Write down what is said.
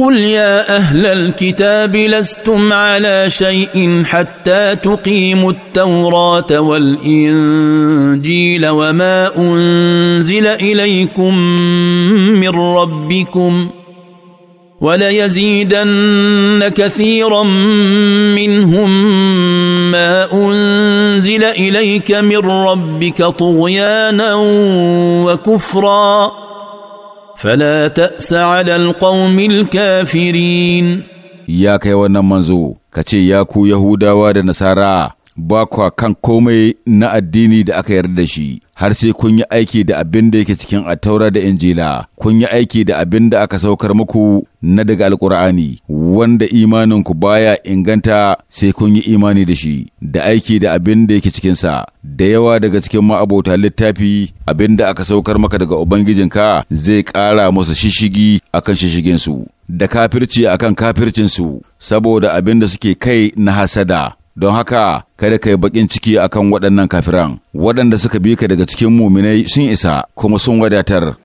قل يا اهل الكتاب لستم على شيء حتى تقيموا التوراه والانجيل وما انزل اليكم من ربكم وليزيدن كثيرا منهم ما انزل اليك من ربك طغيانا وكفرا فلا تأس على القوم الكافرين يا كي منزو كتي يا كو يهودا ودنسارا ba kwa kan komai na addini da aka yarda da shi har sai kun yi aiki da abin da yake cikin attaura da injila kun yi aiki da abin da aka saukar muku na daga alkur'ani wanda imaninku baya inganta sai kun yi imani da shi da aiki da abin da yake cikinsa da yawa daga cikin ma'abota littafi abin da aka saukar maka daga ubangijinka zai ƙara masa shishigi akan shishiginsu da kafirci akan kafircinsu saboda abin da suke kai na hasada don haka kada ka yi baƙin ciki akan waɗannan kafiran waɗanda suka bi ka daga cikin muminai sun isa kuma sun wadatar